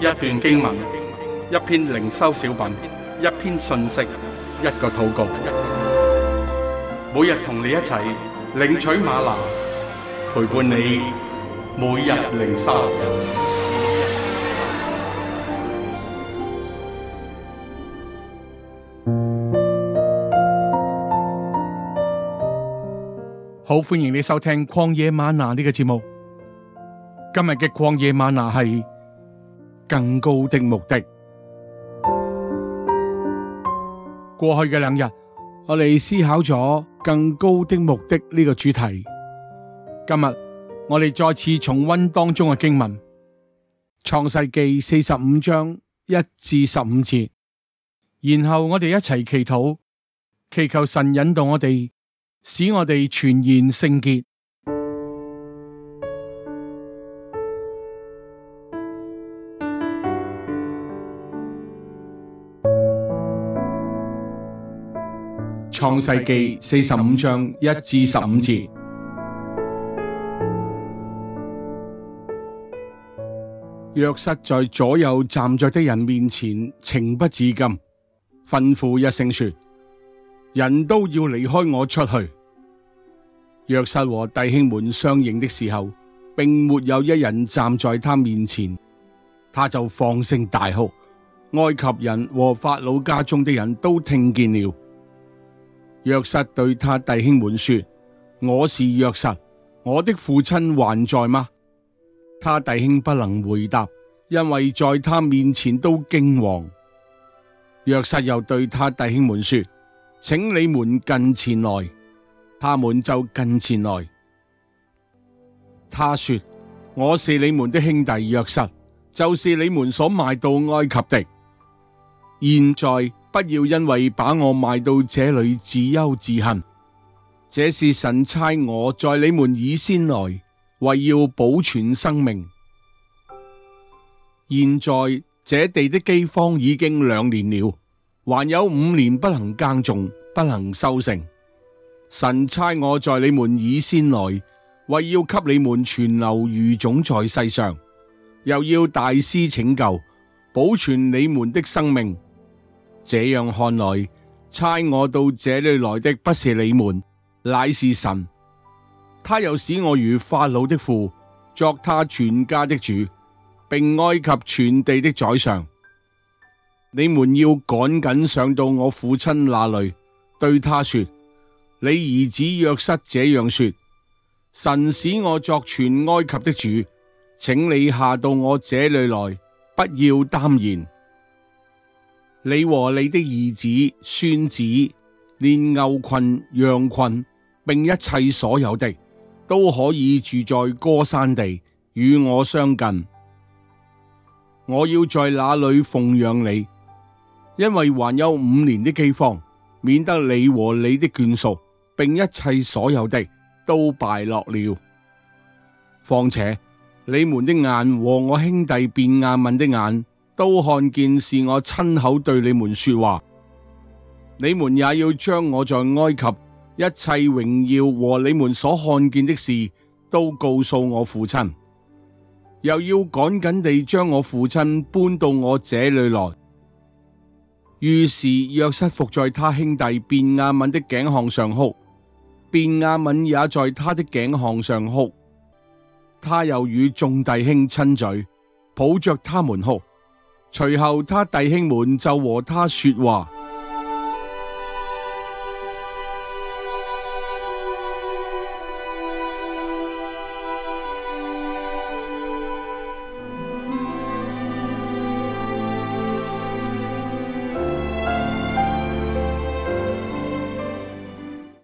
一段經文，一篇靈修小品，一篇信息，一個禱告。每日同你一齊領取嗎哪，陪伴你每日靈修。好，歡迎你收聽《曠野嗎哪》呢個節目。今日嘅《曠野嗎哪》係。更高的目的。過去嘅兩日，我哋思考咗更高的目的呢個主題。今日我哋再次重溫當中嘅經文《創世記》四十五章一至十五節，然後我哋一齊祈禱，祈求神引導我哋，使我哋全然聖潔。創世記四十五章一至十五節，約瑟在左右站着的人面前，情不自禁，吩咐一聲說：人都要離開我出去。約瑟和弟兄們相認的時候，並沒有一人站在他面前，他就放聲大哭。埃及人和法老家中的人都聽見了。約瑟對他弟兄們說：我是約瑟，我的父親還在嗎？他弟兄不能回答，因為在他面前都驚惶。約瑟又對他弟兄們說：請你們近前來。他們就近前來。他說：我是你們的兄弟約瑟，就是你們所賣到埃及的。現在。不要因為把我賣到這裏自憂自恨，這是神差我在你們以先來，為要保存生命。現在這地的饑荒已經兩年了，還有五年不能耕種，不能收成。神差我在你們以先來，為要給你們存留餘種在世上，又要大施拯救，保存你們的生命。這樣看來，差我到這裏來的不是你們，乃是神。他又使我如法老的父，作他全家的主，並埃及全地的宰相。你們要趕緊上到我父親那裏，對他說：你兒子約瑟這樣說：神使我作全埃及的主，請你下到我這裏來，不要耽延。你和你的兒子、孫子、連牛群、羊群，並一切所有的，都可以住在歌珊地，與我相近。我要在那裏奉養你，因為還有五年的饑荒，免得你和你的眷屬，並一切所有的，都敗落了。況且你們的眼和我兄弟便雅憫的眼。都看見是我親口對你們說話，你們也要將我在埃及一切榮耀和你們所看見的事都告訴我父親，又要趕緊地將我父親搬到我這裏來。於是約瑟伏在他兄弟便雅憫的頸項上哭，便雅憫也在他的頸項上哭，他又與眾弟兄親，親嘴，抱着他們哭。.隨後，他弟兄們就和他說話。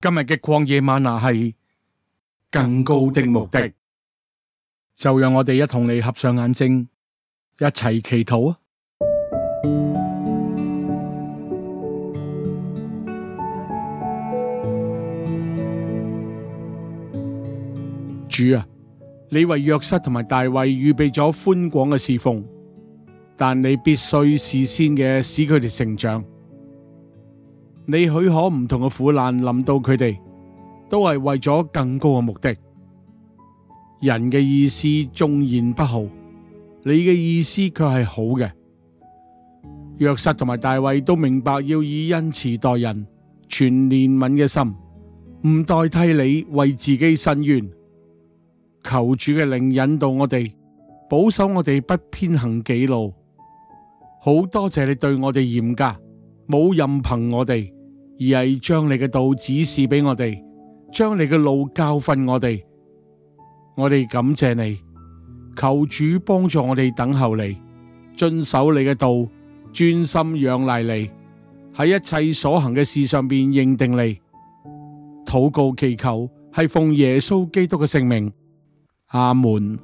今日嘅曠野嗎哪係更高的目的， 就讓我哋一同嚟，合上眼睛，一齊祈禱。主啊，你為約瑟同埋大衛預備咗寬廣嘅侍奉，但你必須事先嘅使佢哋成長。你許可唔同嘅苦難臨到佢哋，都係為咗更高嘅目的。人嘅意思縱然不好，你嘅意思卻係好嘅。約瑟同埋大衛都明白要以恩慈待人，全憐憫嘅心，唔代替你為自己伸冤。求主嘅令引導我哋，保守我哋不偏行己路，好多謝你對我哋嚴格，冇任憑我哋，而係將你嘅道指示俾我哋，將你嘅路教訓我哋。我哋感謝你，求主幫助我哋等候你，遵守你嘅道，專心仰賴你喺一切所行嘅事上邊認定你。禱告祈求係奉耶穌基督嘅聖名。阿門。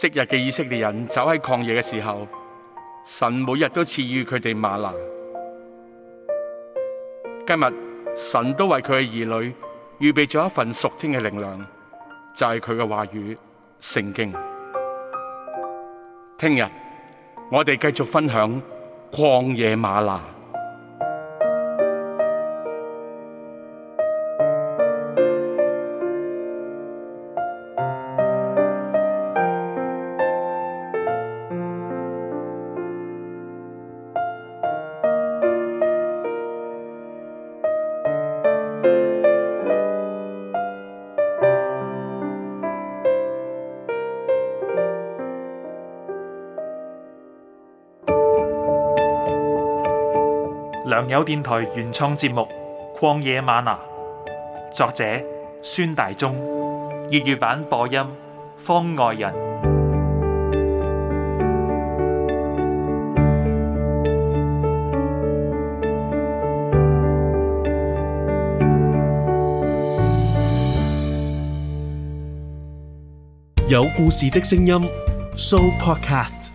昔日嘅以色列人走喺曠野嘅時候，神每日都賜予佢哋嗎哪。今日神都為佢嘅兒女預備咗一份屬天嘅靈糧，就係佢嘅話語《聖經》。聽日我哋繼續分享曠野嗎哪。良友電台原創節目《曠野嗎哪》，作者孫大中，粵語版播音方外人。有故事的聲音，Show Podcast。